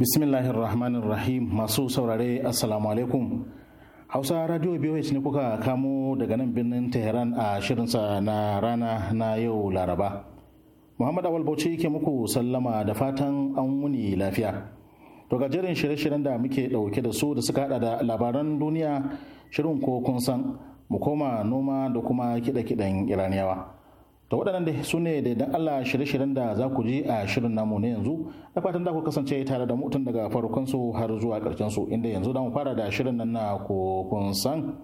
bismillahir masu saurare assalamu alaikum hausa radio boh ne kuka kamo daga nan birnin tehran a shirinsa na rana na yau laraba muhammad awal bauchi ke muku sallama da fatan an wuni lafiya to gajeren shirye-shiryen da muke dauke da su da suka hada da labaran duniya shirin ko kun san mu koma noma da kuma kiɗe-kiɗen iraniyawa to waɗannan da su ne da idan Allah shirye-shiryen da za ku ji a shirin namu na yanzu da fatan da ku kasance tare da mutum daga farkon su har zuwa ƙarshen su inda yanzu da mu fara da shirin nan na kun san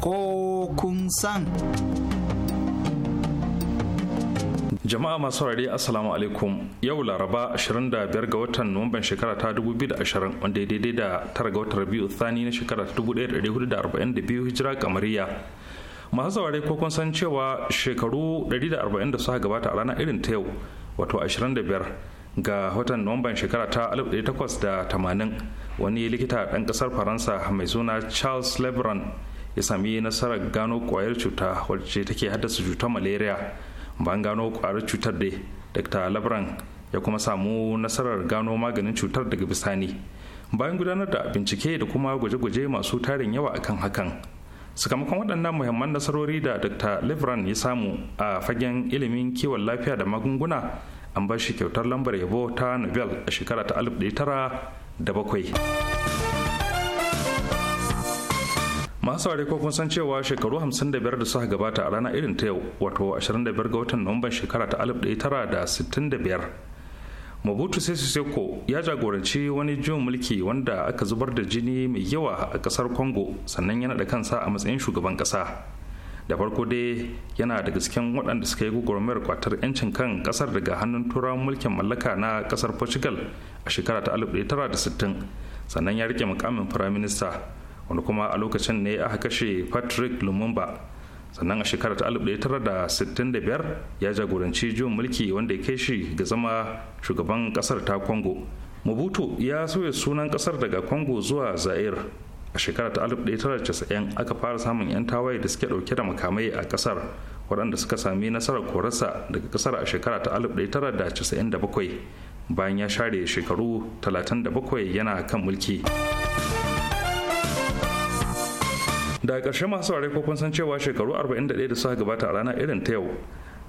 ko kun san jama'a masu rari assalamu alaikum yau laraba 25 ga watan nuwamban shekara ta 2020 wanda daidai da tara ga watan rabiu tsani na shekara ta 1442 hijira kamariya masu saurari ko kun san cewa shekaru 140 da suka gabata a ranar irin ta yau wato 25 ga watan nuwamban shekara ta 1880 wani likita ɗan ƙasar faransa mai suna charles lebron ya sami nasarar gano kwayar cuta wacce take haddasa cutar malaria bayan gano kwarar cutar da dr labran ya kuma samu nasarar gano maganin cutar daga bisani bayan gudanar da bincike da kuma gwaje-gwaje masu tarin yawa akan hakan sakamakon waɗannan muhimman nasarori da dr lebron ya samu a fagen ilimin kiwon lafiya da magunguna an bar shi kyautar lambar yabo ta nobel a shekara ta 1907 masu ware kun san cewa shekaru 55 da suka gabata a rana irin ta yau wato 25 ga watan nuwamban shekara ta 1965 mobutu sese seko ya jagoranci wani juyin mulki wanda aka zubar da jini mai yawa a kasar congo sannan yana da kansa a matsayin shugaban kasa da farko dai yana da cikin waɗanda suka yi gugurmayar kwatar 'yancin kan kasar daga hannun turawan mulkin mallaka na kasar portugal a shekara ta 1960 sannan ya rike mukamin firaminista wani kuma a lokacin ne aka kashe patrick lumumba sannan a shekarar ta 1965 ya jagoranci juyin mulki wanda ya kai shi ga zama shugaban kasar ta congo mobutu ya soya sunan kasar daga congo zuwa zaire a shekarar ta 1990 aka fara samun 'yan tawaye da suke dauke da makamai a kasar waɗanda suka sami nasarar korarsa daga kasar a shekara ta 1997 bayan ya share shekaru 37 yana kan mulki. da ƙarshe masu ware ko kun san cewa shekaru 41 da suka gabata a rana irin ta yau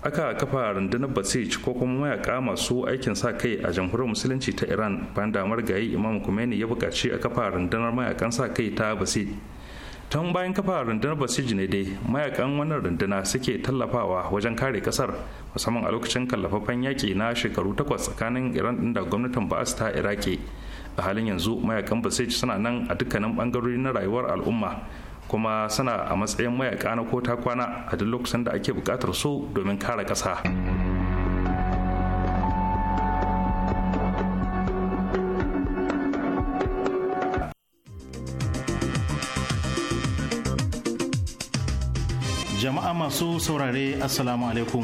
aka kafa rundunar basij ko kuma mayaka masu aikin sa kai a jamhuriyar musulunci ta iran bayan damar gayi imam kumeni ya buƙaci a kafa rundunar mayakan sa kai ta basij tun bayan kafa rundunar basij ne dai mayakan wannan runduna suke tallafawa wajen kare kasar musamman a lokacin kallafaffen yaƙi na shekaru takwas tsakanin iran din da gwamnatin ba'as ta iraki a halin yanzu mayakan basij suna nan a dukkanin bangarori na rayuwar al'umma kuma suna a matsayin mayaka na kota kwana a duk lokacin da ake buƙatar su domin kare ƙasa. jama'a masu saurare assalamu alaikum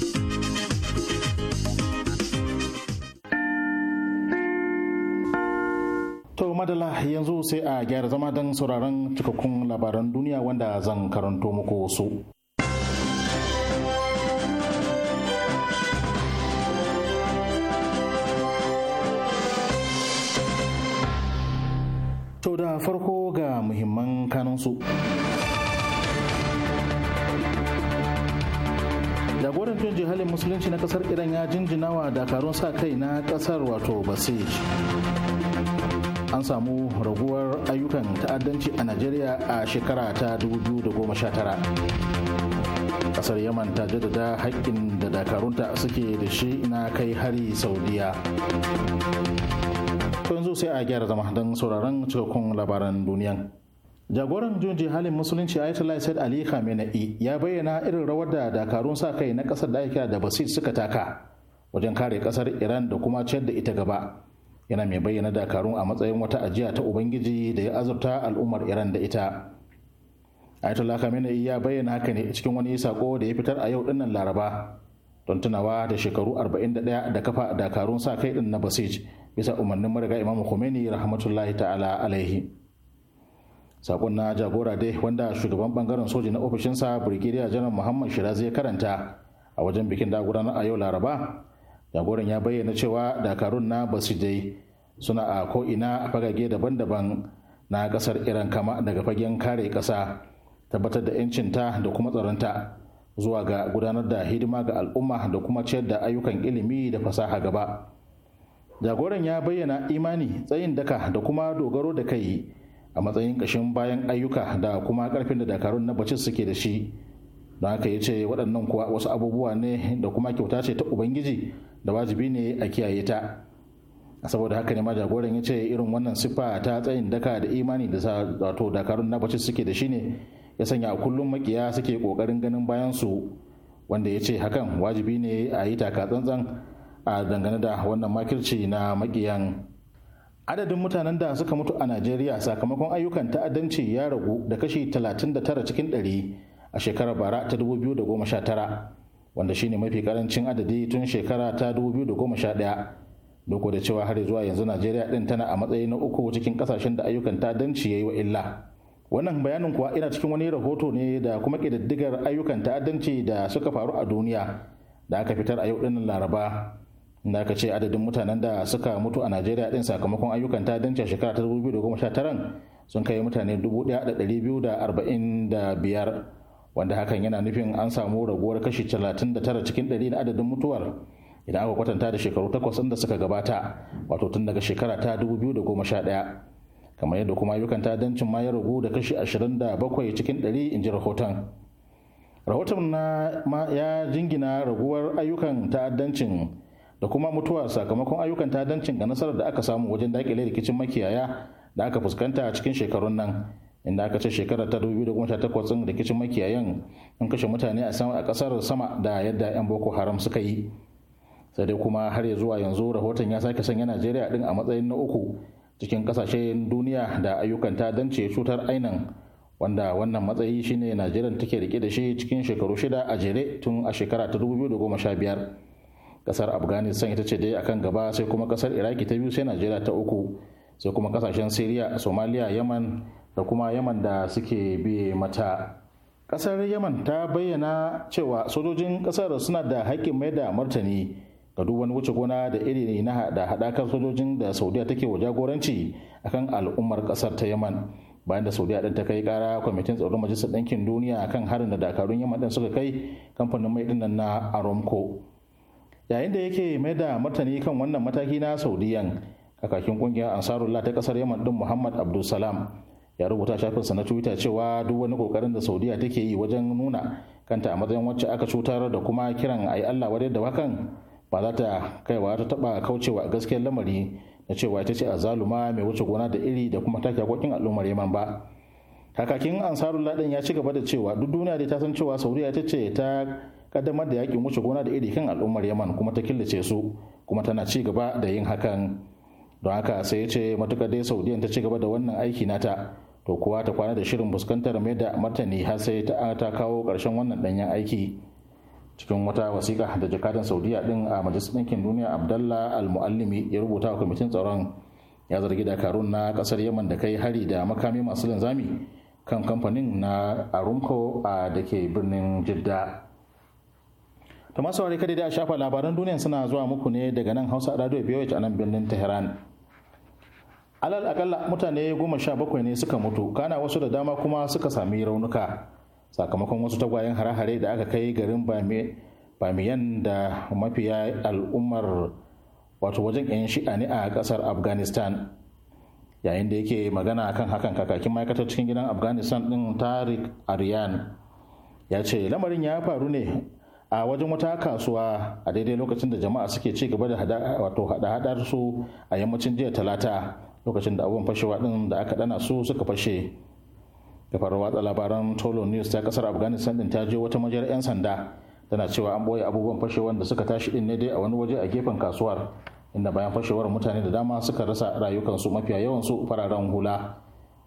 madala yanzu sai a gyara zama don sauraron cikakkun labaran duniya wanda zan karanto muku su. To da farko ga muhimman kanansu. jagoran tun jihalin musulunci na kasar iran ya jinjinawa dakarun sa kai na kasar wato basij an samu raguwar ayyukan ta'addanci a najeriya a shekara ta 2019 kasar yaman ta jaddada haƙƙin da dakarunta suke da shi na kai hari saudiya to yanzu sai a gyara zama don sauraron cikakkun labaran duniyan jagoran junji halin musulunci ayatollah said ali khamenei ya bayyana irin rawar da dakarun sa kai na kasar da da basit suka taka wajen kare kasar iran da kuma ciyar da ita gaba yana mai bayyana dakarun a matsayin wata ajiya ta ubangiji da ya azurta al'ummar iran da ita ayatollah khamenei ya bayyana haka ne cikin wani sako da ya fitar a yau dinnan laraba don tunawa da shekaru 41 da kafa dakarun sa kai din na basij bisa umarnin mariga imam khomeini rahmatullahi ta'ala alaihi sakon na jagora dai wanda shugaban bangaren soji na ofishinsa brigadier janar muhammad shirazi ya karanta a wajen bikin da gudanar a yau laraba jagoran ya bayyana cewa dakarun na je suna a ko'ina a fagage daban-daban na kasar iran kama daga fagen kare kasa tabbatar da 'yancinta da kuma tsaronta zuwa ga gudanar da hidima ga al'umma da kuma ciyar da ayyukan ilimi da fasaha gaba jagoran ya bayyana imani tsayin daka da kuma dogaro da kai a matsayin ƙashin bayan ayyuka da kuma ƙarfin da dakarun na bacin suke da shi don haka ya ce waɗannan kuwa wasu abubuwa ne da kuma kyauta ce ta ubangiji da wajibi ne a kiyaye ta saboda haka ne ma jagoran ya ce irin wannan siffa ta tsayin daka da imani da wato dakarun na bacci suke da shi ne ya sanya a kullum makiya suke kokarin ganin bayan su wanda ya ce hakan wajibi ne a yi taka tsantsan a dangane da wannan makirci na makiyan adadin mutanen da suka mutu a najeriya sakamakon ayyukan ta'addanci ya ragu da kashi 39 cikin 100 a shekarar bara ta 2019 wanda shine mafi karancin adadi tun shekara ta 2011 doko da cewa har zuwa yanzu najeriya din tana a matsayi na uku cikin kasashen da ayyukan ta'addanci ya yi wa illa wannan bayanin kuwa ina cikin wani rahoto ne da kuma ƙididdigar ayyukan ta'addanci da suka faru a duniya da aka fitar a yau din laraba da aka ce adadin mutanen da suka mutu a najeriya din sakamakon ayyukan ta'addanci a shekara ta 2019 sun kai mutane 1245 wanda hakan yana nufin an samu raguwar kashi 39 cikin 100 na adadin mutuwar idan aka kwatanta da shekaru takwas da suka gabata wato tun daga shekara ta 2011 kamar yadda kuma ayyukan ta'addancin ma ya ragu da kashi 27 cikin 100 in ji rahoton rahoton na ma ya jingina raguwar ayyukan ta'addancin da kuma mutuwa sakamakon ayyukan ta'addancin ga nasarar da aka samu wajen dakile rikicin makiyaya da aka fuskanta cikin shekarun nan inda aka ce shekarar ta 2018 ɗin rikicin makiyayan an kashe mutane a sama a kasar sama da yadda 'yan boko haram suka yi sai dai kuma har ya zuwa yanzu rahoton ya sake sanya najeriya din a matsayin na uku cikin kasashen duniya da ayyukan ta dance cutar ainan wanda wannan matsayi shine najeriya take rike da shi cikin shekaru shida a jere tun a shekara ta biyar. kasar afghanistan ita ce dai akan gaba sai kuma kasar iraki ta biyu sai najeriya ta uku sai kuma kasashen syria somalia yaman da kuma yaman da suke biye mata kasar yaman ta bayyana cewa sojojin kasar suna da haƙƙin mai da martani ga duk wani wuce gona da iri na da haɗakar sojojin da saudiya take wa jagoranci akan al'ummar kasar ta yaman bayan da saudiya ɗin ta kai ƙara kwamitin tsaron majalisar ɗinkin duniya kan harin da dakarun yaman ɗin suka kai kamfanin mai ɗinnan na aromco yayin da yake mai da martani kan wannan mataki na saudiyan kakakin ƙungiyar ansarullah ta ƙasar yaman ɗin muhammad abdulsalam ya rubuta shafinsa na twitter cewa duk wani kokarin da saudiya take yi wajen nuna kanta a matsayin wacce aka cutar da kuma kiran ayi allah wadai da hakan ba za ta kaiwa ta taba kaucewa gaskiyar lamari da cewa ita ce azaluma mai wuce gona da iri da kuma take hakokin al'ummar yaman ba kakakin ansarul ladin ya ci gaba da cewa duk duniya dai ta san cewa saudiya ita ce ta kaddamar da yakin wuce gona da iri kan al'ummar yaman kuma ta killace su kuma tana ci gaba da yin hakan don haka sai ya ce matukar dai saudiyan ta ci gaba da wannan aiki nata to kuwa ta kwana da shirin fuskantar mai da martani har sai ta kawo ƙarshen wannan ɗanyen aiki cikin wata wasiƙa da jakadan saudiya din a majalisar ɗinkin duniya abdallah al ya rubuta wa kwamitin tsaron ya zargi dakarun na ƙasar yaman da kai hari da makami masu linzami kan kamfanin na arumco a da ke birnin jidda ta masu kada da shafa labaran duniya suna zuwa muku ne daga nan hausa radio biyu a nan birnin tehran alal akalla mutane goma sha bakwai ne suka mutu kana wasu da dama kuma suka sami raunuka sakamakon wasu tagwayen hare-hare da aka kai garin bamiyan da mafiya al'ummar wato wajen 'yan shi'a ne a kasar afghanistan yayin da yake magana kan hakan kakakin ma'aikatar cikin gidan afghanistan din tarik aryan ya ce lamarin ya faru ne a wajen wata kasuwa a daidai lokacin da jama'a suke ci gaba da hada-hadar su a yammacin jiya talata lokacin da abubuwan fashewa din da aka dana su suka fashe kafar watsa labaran tolo news ta kasar afghanistan din ta je wata majiyar 'yan sanda tana cewa an ɓoye abubuwan fashewar da suka tashi din ne dai a wani waje a gefen kasuwar inda bayan fashewar mutane da dama suka rasa rayukansu mafiya yawansu fararen hula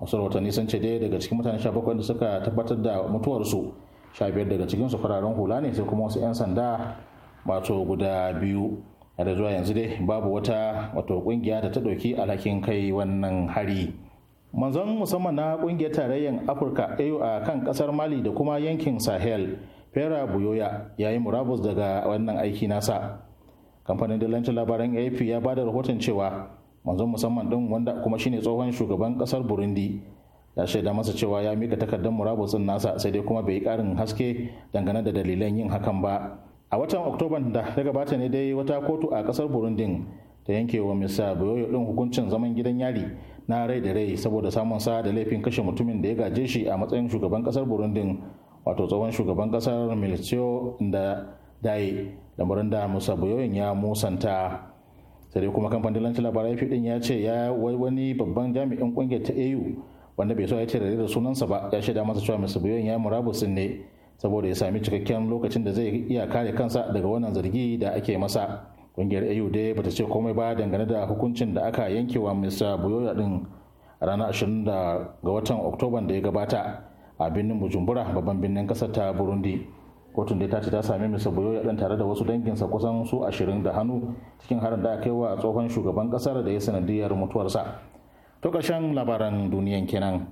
wasu rahotanni sun ce dai daga cikin mutane 17 da suka tabbatar da mutuwarsu 15 daga cikinsu fararen hula ne sai kuma wasu 'yan sanda mato guda biyu har zuwa yanzu dai babu wata wato kungiya da ta ɗauki alhakin kai wannan hari manzon musamman na kungiyar tarayyar afirka au a kan kasar mali da kuma yankin sahel fera buyoya ya yi murabus daga wannan aiki nasa kamfanin dillancin labaran ap ya ba da rahoton cewa manzon musamman din wanda kuma shine tsohon shugaban kasar burundi ya shaida masa cewa ya mika takardar murabus nasa sai dai kuma bai yi karin haske dangane da dalilan yin hakan ba a watan oktoban da ta gabata ne dai wata kotu a kasar burundin ta yanke wa misa bayoyo din hukuncin zaman gidan yari na rai da rai saboda samun sa da laifin kashe mutumin da ya gaje shi a matsayin shugaban kasar burundin wato tsohon shugaban kasar milicio da daye lamarin da musa bayoyin ya musanta sai kuma kamfanin lanci labarai fi din ya ce ya wai wani babban jami'in kungiyar ta au wanda bai so ya ce da sunansa ba ya shaida masa cewa musa bayoyin ya murabusin ne saboda ya sami cikakken lokacin da zai iya kare kansa daga wannan zargi da ake masa kungiyar au dai bata ce komai ba dangane da hukuncin da aka yankewa mr buyoya din ranar 20 ga watan oktoban da ya gabata a birnin bujumbura babban birnin kasar ta burundi kotun da ta ce ta sami mr buyoya din tare da wasu danginsa kusan su ashirin da hannu cikin harin da aka yi wa tsohon shugaban kasar da ya sanadiyar mutuwarsa to ƙarshen labaran duniyan kenan.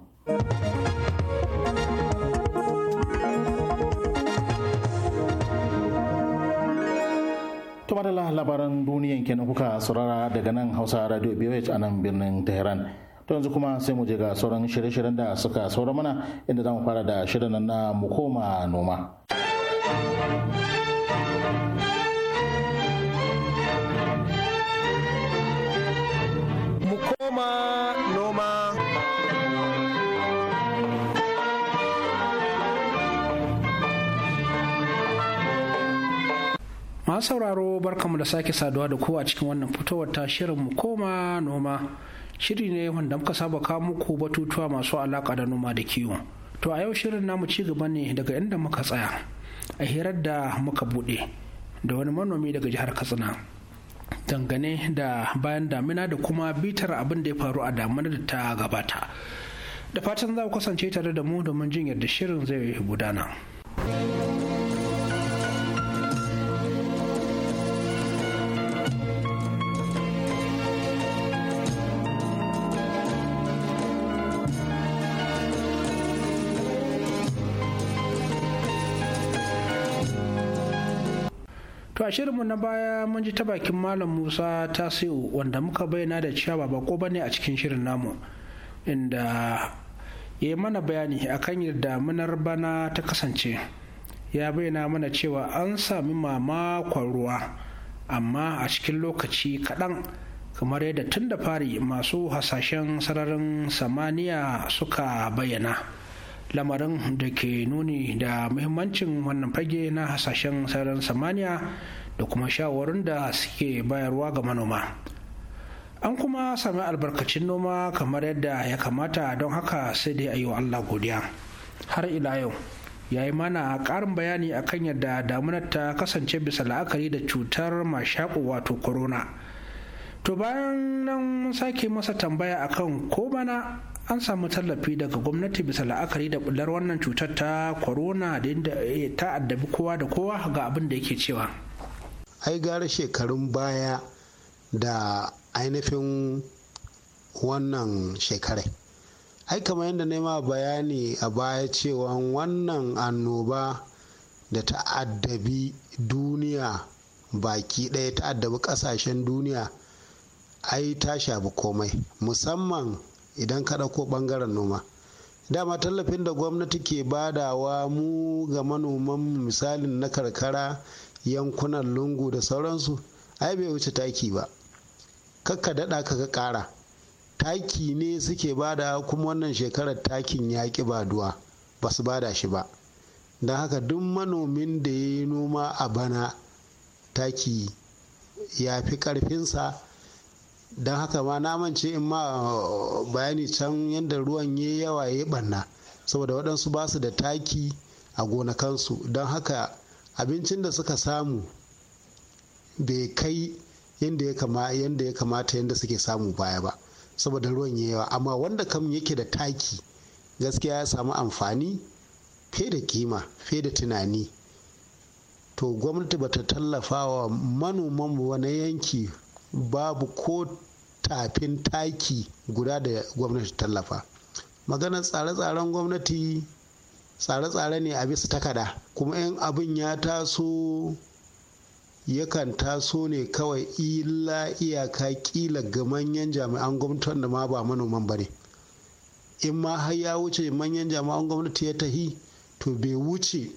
to madalla labaran duniyan kenan kuka saurara daga nan hausa radio bh a nan birnin tehran to yanzu kuma sai mu je ga sauran shirye-shiryen da suka saura mana inda zamu fara da shirin na mu koma noma mu koma sauraro barkamu da sake saduwa da kowa cikin wannan fitowar ta mu koma noma shiri ne wanda muka saba kawo muku batutuwa masu alaka da noma da kiwo to a yau shirin namu ci gaba ne daga inda muka tsaya a hirar da muka bude da wani manomi daga jihar katsina dangane da bayan damina da kuma bitar abin da ya faru a damina da ta gabata da fatan za ku kasance tare da mu domin jin yadda shirin zai gudana. To a shirinmu na baya mun ji ta bakin Malam Musa Tasiu wanda muka bayyana da cewa ba bako bane a cikin shirin namu inda ya yi mana bayani akan yadda munar bana ta kasance ya bayyana mana cewa an sami mamakon ruwa amma a cikin lokaci kaɗan kamar yadda tun da fari masu hasashen sararin samaniya suka bayyana. lamarin da ke nuni da muhimmancin wannan fage na hasashen sararin samaniya da kuma shawarun da suke bayarwa ga manoma an kuma sami albarkacin noma kamar yadda ya kamata don haka sai dai yi wa allah godiya har ila yau ya yi mana ƙarin bayani akan yadda damunar ta kasance bisa la'akari da cutar mashaƙo wato corona to bayan nan sake masa tambaya akan ko mana an samu tallafi daga gwamnati bisa la'akari da bular wannan cutar ta corona da eh, ta addabi kowa da kowa ga abin da yake cewa ai gara shekarun baya da ainihin wannan shekarai ai kamar yadda na ma bayani a baya cewa wannan annoba da ta addabi duniya baki ɗaya ta addabi ƙasashen duniya ai ta shafi komai musamman idan ka ɗauko ɓangaren noma dama tallafin da gwamnati ke badawa mu ga manoman misalin na karkara yankunan lungu da sauransu ai bai wuce taki ba kakka daɗa ka ƙara taki ne suke bada kuma wannan shekarar takin ya ƙi baduwa ba su bada shi ba don haka duk manomin da ya yi noma a bana taki ya fi ƙarfinsa don haka ma na ce in ma uh, bayani can yadda ruwan ya yawa ya banna. saboda waɗansu ba su da taki a gonakansu don haka abincin da suka samu bai kai yadda ya kamata yadda suke samu baya ba saboda ruwan ya yawa amma wanda kam yake da taki gaskiya ya samu amfani fe da kima fe da tunani to gwamnati bata tallafa wa manoman wani yanki babu ko tafin taki guda da gwamnati tallafa maganar tsare-tsaren gwamnati tsare-tsare ne a bisa takada kuma 'yan abin ya taso yakan taso ne kawai ila iyaka kila ga manyan jami'an gwamnati wanda ma ba manoman ba ne in ma har ya wuce manyan jami'an gwamnati ya tahi to bai wuce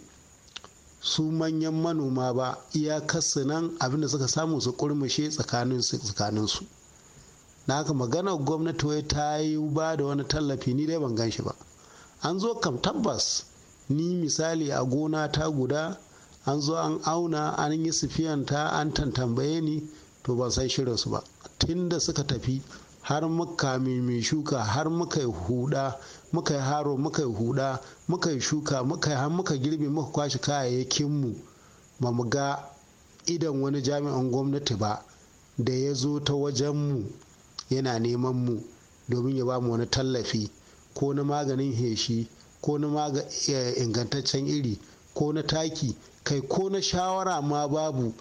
su manyan manoma ba kasu nan abinda suka samu su kurmushe tsakaninsu na haka magana gwamnati wai ta yi ba da wani tallafi ni dai ban gan shi ba an zo kam tabbas ni misali a gona ta guda an zo an auna an yi sufiyanta an tantambaye ni to ban san su ba tun suka tafi har muka mai shuka har muka yi huda muka yi haro muka yi huda muka yi shuka muka yi har muka girbe muka kwashe mu ba mu ga idan wani jami'an gwamnati ba da ya zo ta wajen mu yana neman mu domin ya ba mu wani tallafi ko na maganin heshi ko na eh, ingantaccen iri ko na taki kai ko na shawara ma babu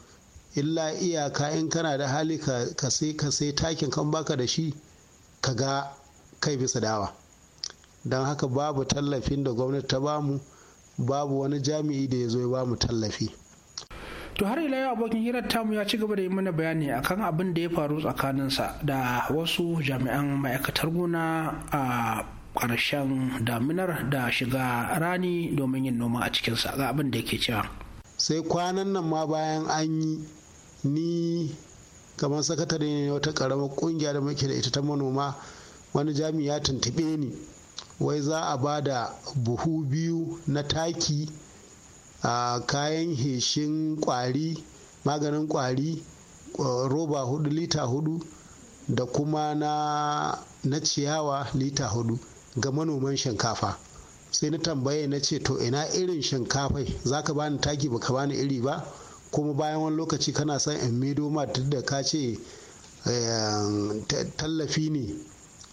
illa iyaka in kana da hali ka sai takin kan baka da shi ka ga kai bisa dawa don haka babu tallafin da gwamnati ta bamu babu wani jami'i da ya zo ya bamu tallafi to har ila yau abokin hirar tamu ya ci gaba da yi mana bayani akan abin da ya faru tsakaninsa da wasu jami'an ma'aikatar gona a ƙarshen daminar da shiga rani domin yin noma a cikinsa ga abin da yake cewa sai kwanan nan ma bayan an yi ni kamar sakatare ne wata ƙaramar ƙungiya da muke da ita ta manoma wani jami'i ya tuntuɓe ni wai za a ba da buhu biyu na taki a kayan heshin kwari maganin kwari roba hudu lita hudu da kuma na, na ciyawa lita hudu ga manoman shinkafa sai na tambaye na ce to ina irin shinkafa za ka bani taki baka bani iri ba kuma bayan wani lokaci kana son in mido ma duk da ka ce eh, tallafi ne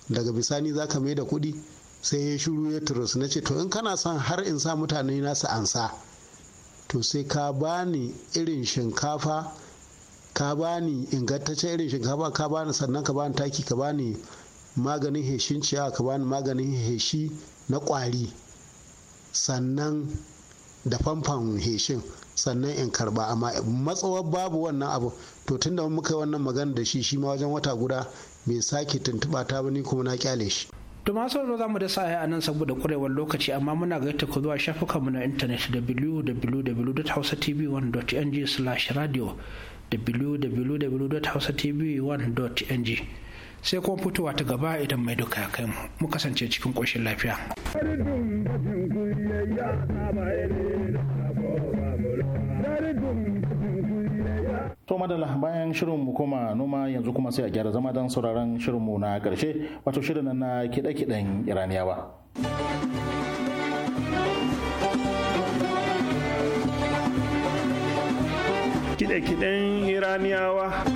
daga bisani za ka mai da kuɗi sai ya shiru ya turus na ce to in kana son har in sa mutane na su ansa to sai ka bani irin shinkafa ka bani ingantaccen irin shinkafa ka bani sannan ka bani taki ka bani maganin heshin ciyawa ka bani maganin heshi na kwari sannan da famfan heshin sannan in karba amma matsawar babu wannan abu to tunda muka yi wannan magana da shi shi ma wajen wata guda bai sake tuntuɓa ta ba ni kuma na kyale shi To masu sauraro za mu da sa'a a nan saboda kurewar lokaci amma muna gaita ku zuwa shafukanmu na intanet www.hausatv1.ng slash radio www.hausatv1.ng sai kuma fitowa ta gaba idan mai duka kai mu mu kasance cikin ƙoshin lafiya. Dari to madalla bayan shirinmu kuma noma yanzu kuma sai a gyara zama don sauraron shirinmu na karshe wato shirin na kiɗe-kiɗen iraniyawa kiɗe-kiɗen iraniyawa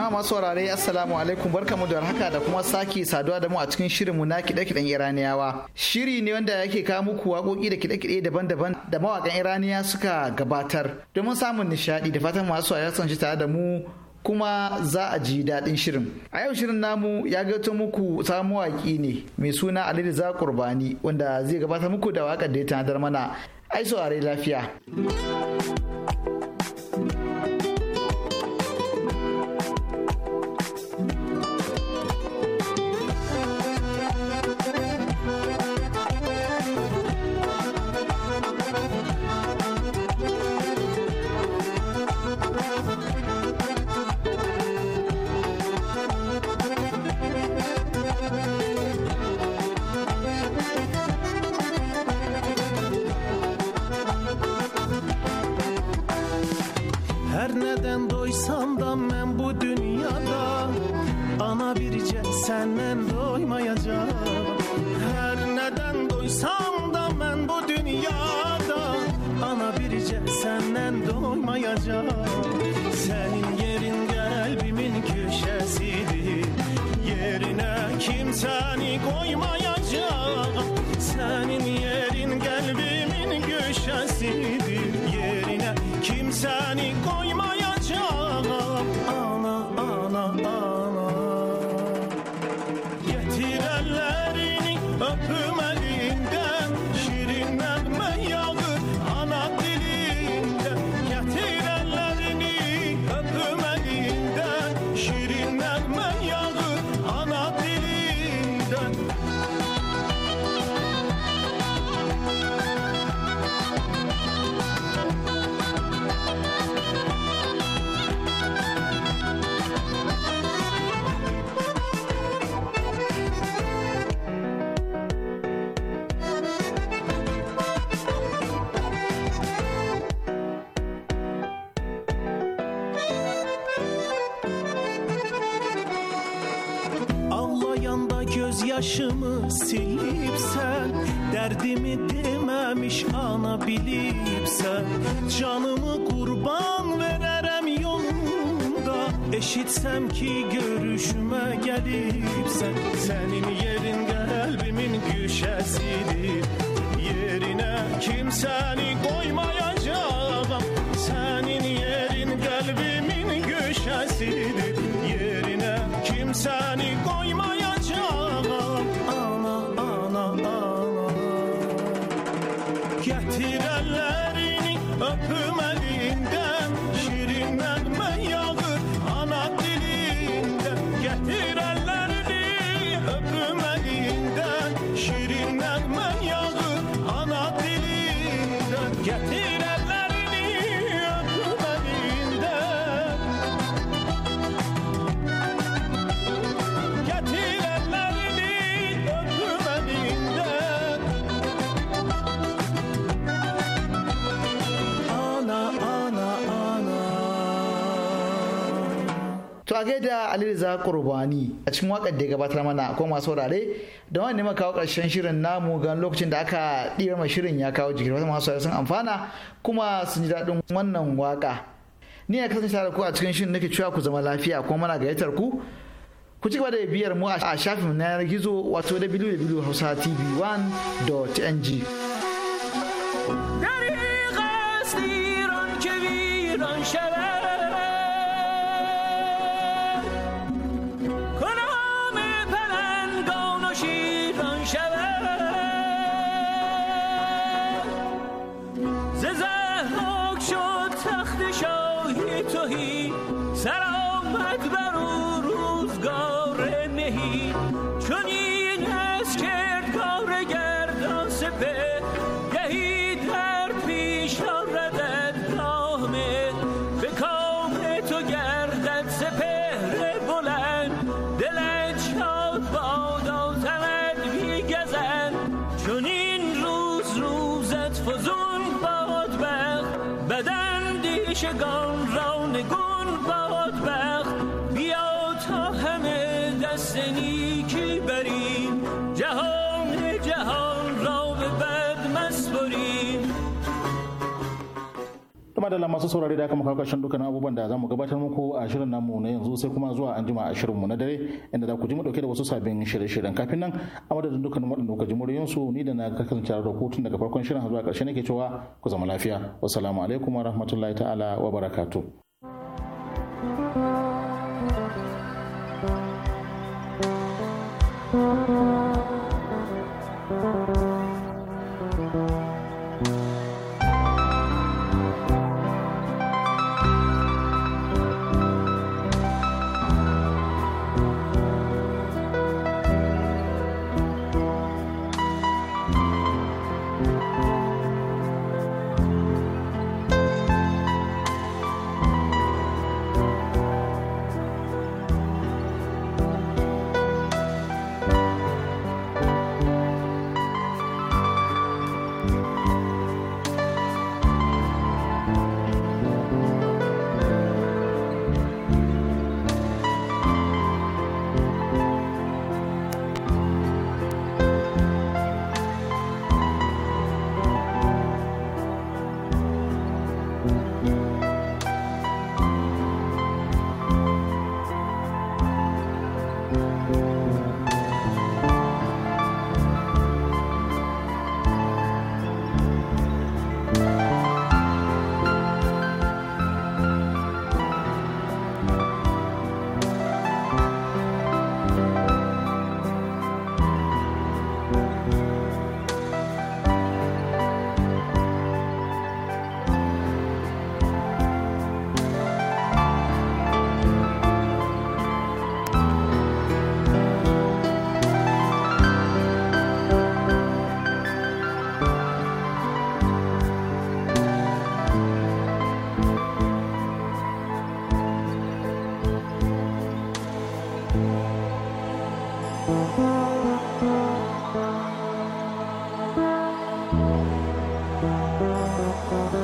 jama'a masu warare assalamu alaikum barkamu da haka da kuma sake saduwa da mu a cikin shirin mu na kiɗe-kiɗen iraniyawa shiri ne wanda yake kawo muku waƙoƙi da kiɗe-kiɗe daban-daban da mawaƙan iraniya suka gabatar domin samun nishaɗi da fatan masu ya sun ji tare da mu kuma za a ji daɗin shirin a yau shirin namu ya gato muku samu mawaƙi ne mai suna ali zakurbani wanda zai gabatar muku da waƙar da ya tanadar mana ai saurare lafiya Eşitsem ki görüşüme gelipsen Senin yerin kalbimin güşesidir Yerine kimseni koyma to a gaida aliriza qurbani a cikin wakar da ya gabatar mana ko masu saurare da wani ma kawo karshen shirin namu gan lokacin da aka ɗira ma shirin ya kawo jikin wata masu sun amfana kuma sun ji daɗin wannan waka ni a kasance tare ku a cikin shirin nake cewa ku zama lafiya kuma muna gayyatar ku ku ci gaba da biyar mu a shafin na yanar gizo wato www.hausa.tv1.ng Dari ƙasiran kibiran shara madalla masu saurare da aka maka kashin dukkan abubuwan da zamu gabatar muku a shirin namu na yanzu sai kuma zuwa an jima a shirin mu na dare inda za ku ji mu dauke da wasu sabbin shirye-shiryen kafin nan a madadin dukkan waɗanda kuka ji muryoyin su ni da na kasance da rahoton daga farkon shirin zuwa ƙarshe nake cewa ku zama lafiya wassalamu alaikum wa rahmatullahi ta'ala wa barakatuh Thank you.